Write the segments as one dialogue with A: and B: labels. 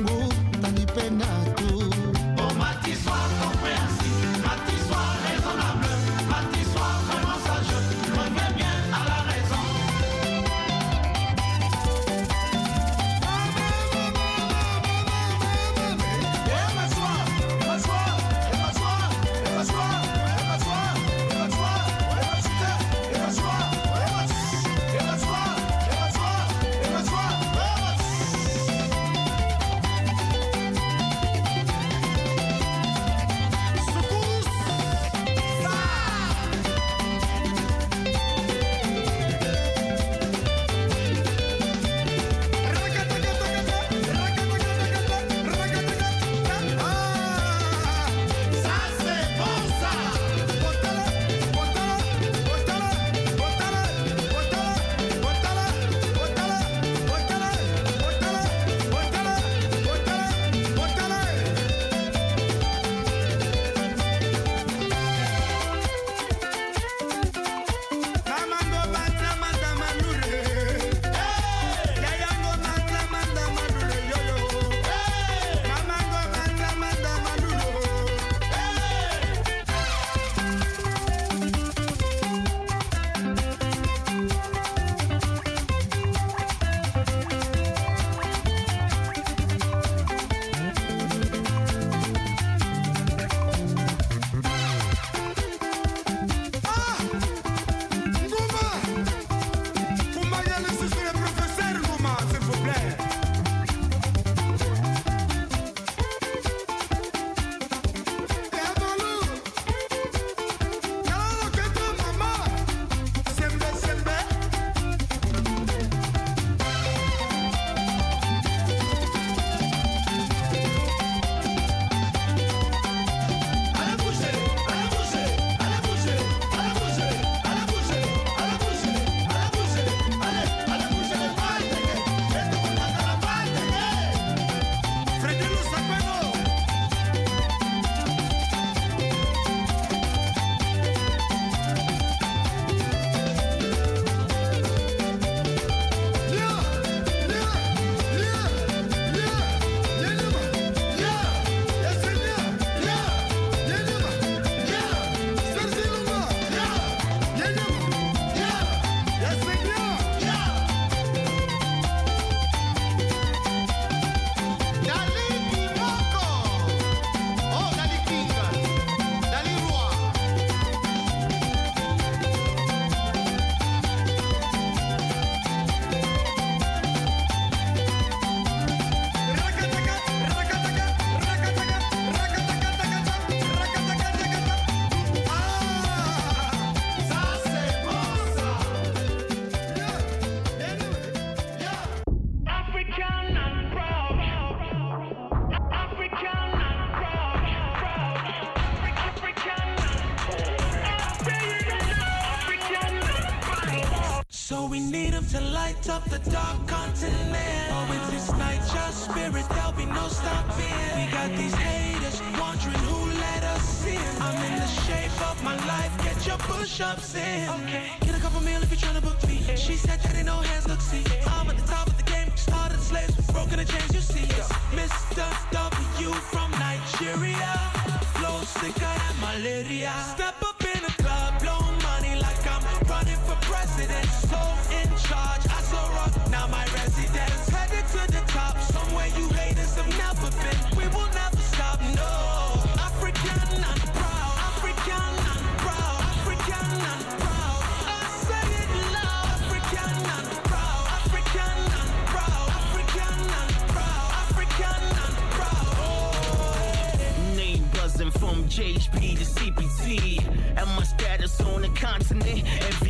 A: move.
B: push-ups in. Okay. Get a couple meal if you're trying to book me. She said that ain't no hands, look, see. I'm at the top of the game, started the slaves, broken the chains, you see. Yeah. Mr. W from Nigeria, flow sicker than malaria. Step up in the club, blow money like I'm running for president. So in charge, I saw rock, now my residence. Headed to the top, somewhere you haters have never been. We will never
A: HP to CPT. And my status on the continent. Every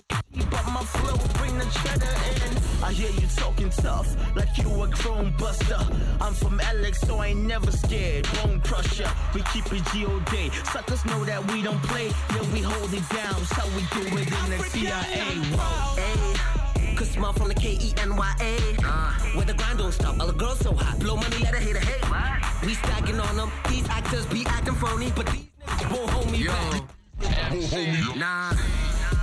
A: my flow bring the cheddar in. I hear you talking tough, like you a grown buster. I'm from Alex, so I ain't never scared. Bone crusher, We keep it G.O.D. Suckers know that we don't play, then we hold it down. So we do
B: it in the CIA. Whoa, hey. Cause small from the K-E-N-Y-A. Uh, where the grind don't stop, all the girls so hot. Blow money, let her hit a hate. What? We stacking on them. These actors be acting phony, but these niggas won't hold me Yo. back. Won't hold me. Nah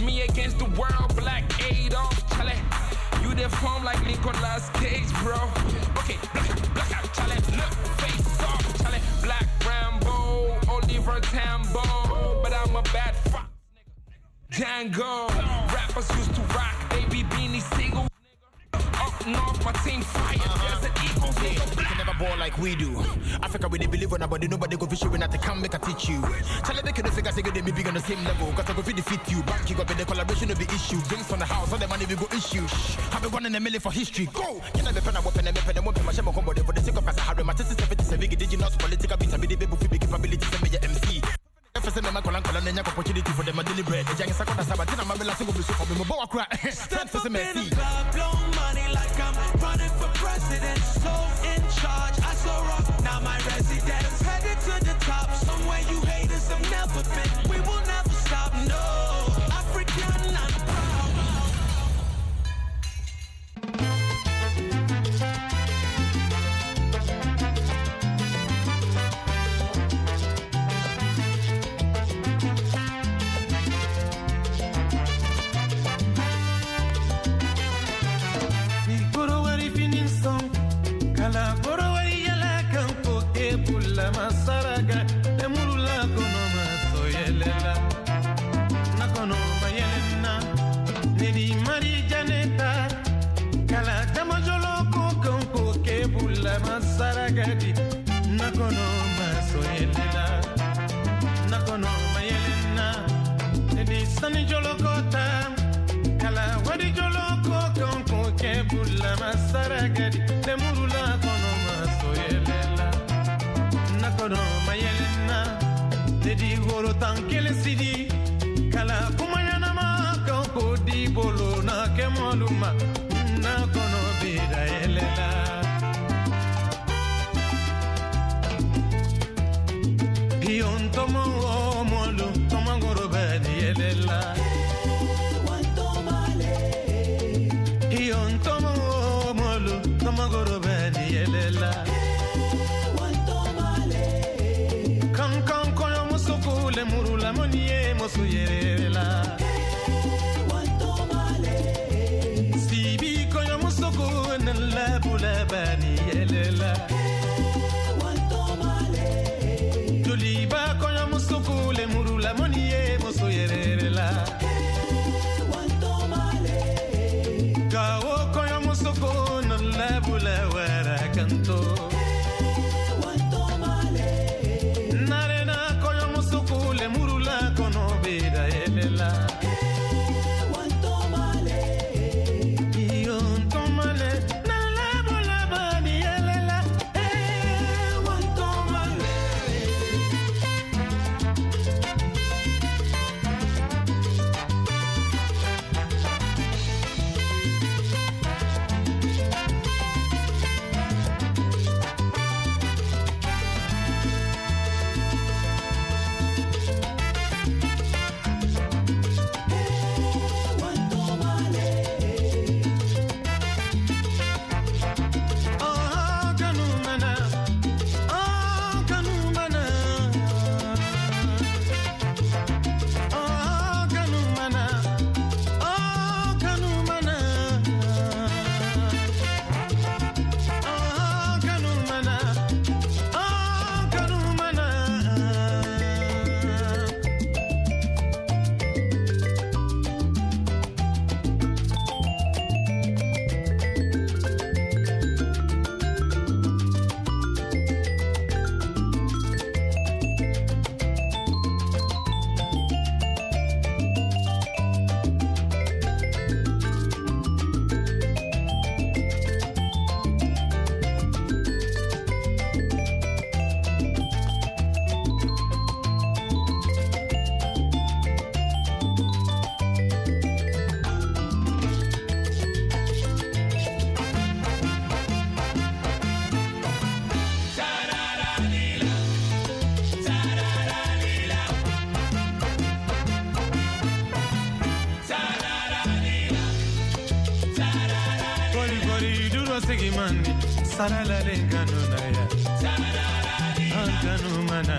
C: me against the world, Black Adolf, Charlie. You deform like Nicolas Cage, bro. Okay, black, black out, Charlie. Look, face off, Charlie. Black Rambo, Oliver Tambo. But I'm a bad fuck. nigga. Django. Rappers used to rock, baby beanie
A: single starting off my team fire. There's an eagle never ball like we do. Africa really believe on nobody, nobody go fishing when I come make I teach you. Tell them they can figure say they be on the same level. Cause I go fit defeat you. Back you up in the collaboration of the issue. Drinks on the house, all the money we go issue. Shh. Have been running a million for history. Go! Can I be pen and weapon and weapon and weapon? My shame on combo for the sake of us. I have my sister 77 big indigenous political beats. I be the baby with big capabilities, Send your MC. I call and call opportunity for them I deliberate. The young a Sabatina, my last single for me. Boa crack. Step up in the club, blow money like running
B: for president, so in charge. I saw rock, now my residence. Headed to the top, somewhere you haters have never been. We will never.
D: feeling CD paralale ngano na ya ngano mana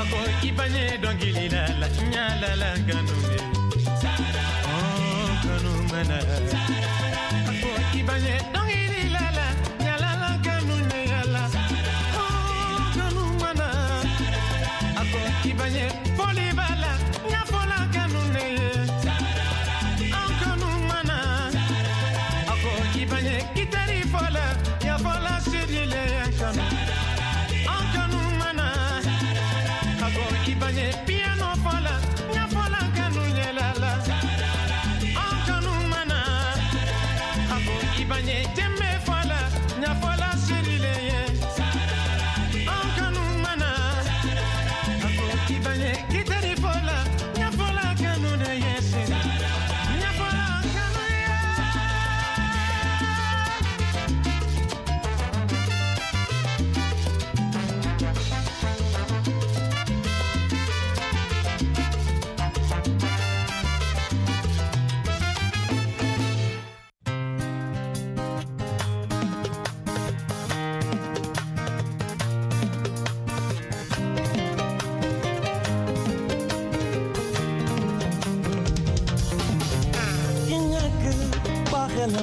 D: ako ibanye dongili la la nyala la ngano me ngano mana ako ibanye dongili la la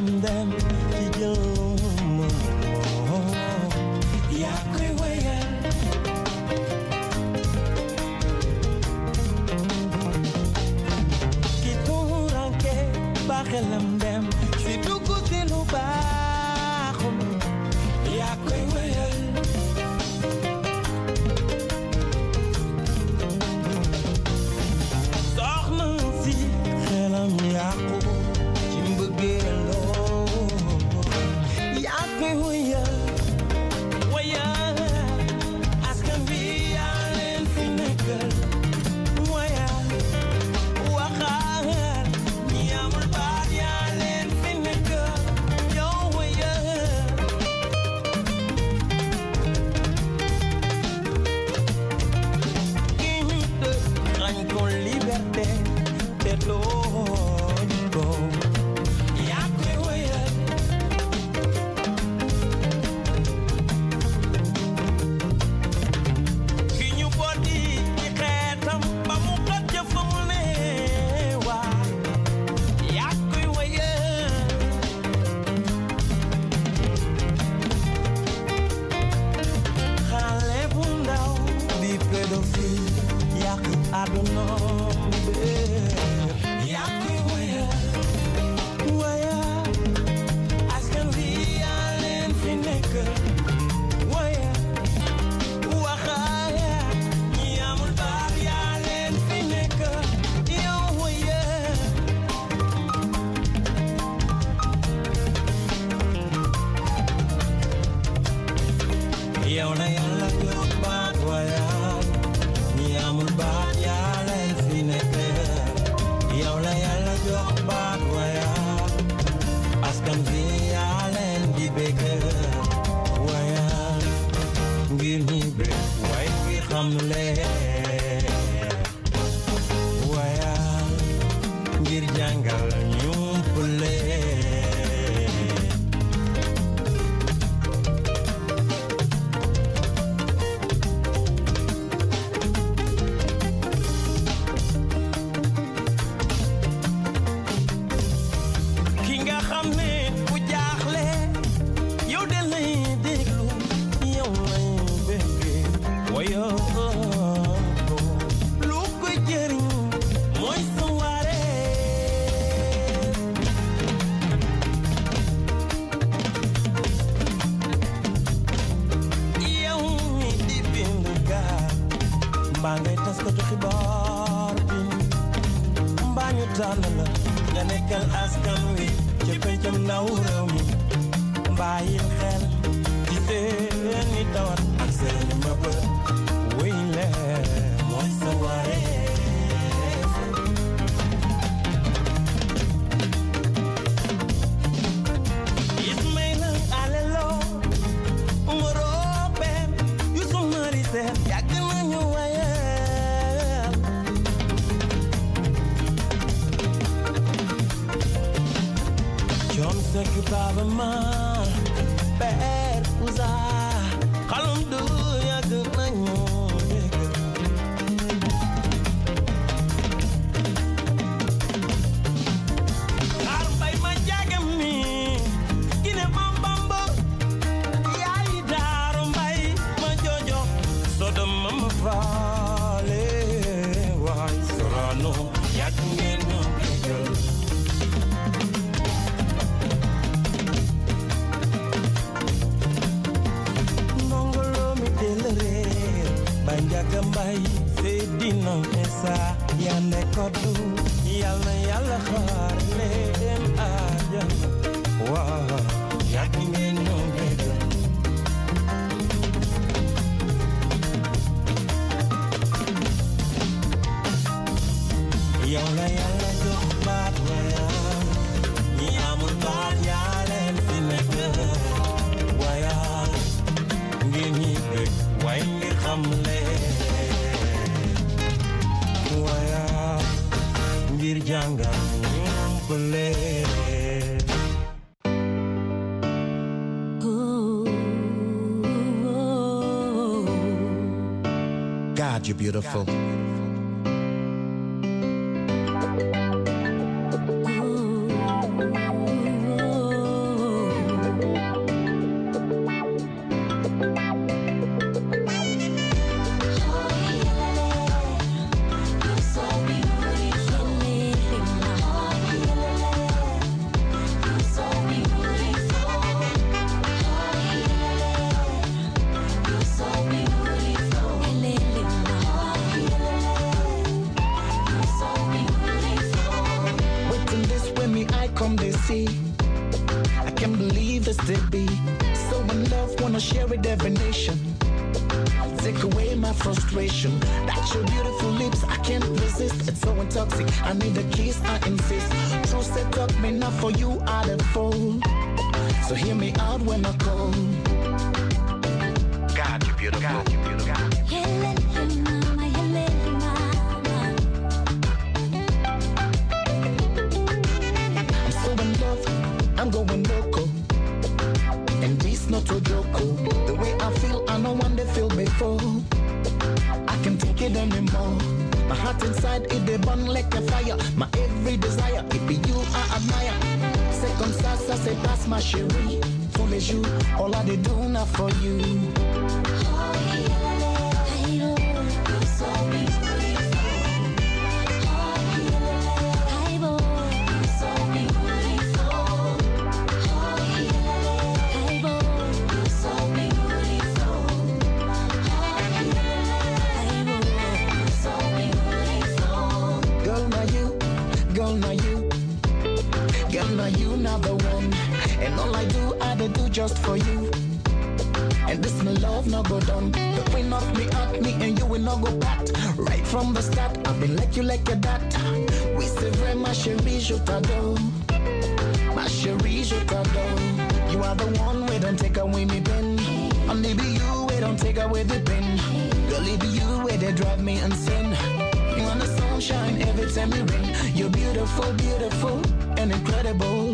E: grande you by the mind.
A: you're beautiful. see. I can't believe this to be. So in love, wanna share with every nation. Take away my frustration. That your beautiful lips, I can't resist. It's so intoxicating. I need a kiss, I insist. True set up me not for you, I the fool. So hear me out when I call. God, you beautiful. God, you inside it they burn like a fire. My every desire, it be you I admire. Second comme say pass my sherry, ma chérie. Tous all I do now for you. they do just for you. And this my love no go down. The queen knock me at me and you will not go back. Right from the start, I've been like you like a dat. We say very my chérie, je t'adore. Ma chérie, je t'adore. You are the one we don't take away me pain. Only be you we don't take away the pen. Girl, it be you where they drive me insane. You want the sunshine every time you rain. You're beautiful, beautiful and incredible.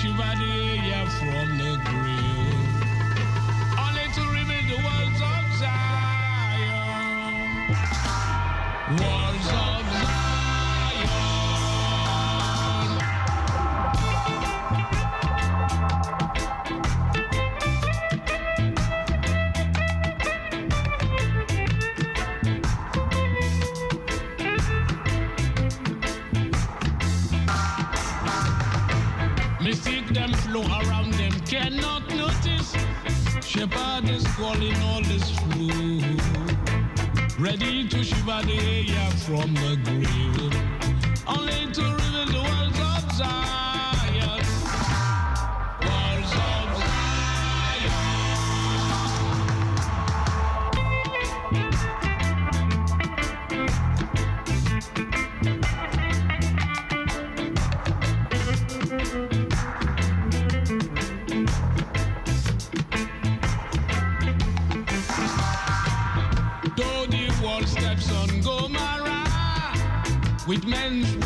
C: Shivadeya from the grave. Only to the of Zion. not notice Shepherd is calling all his flow Ready to shiver the air from the grave Only to reveal the world's upside with men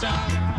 C: top.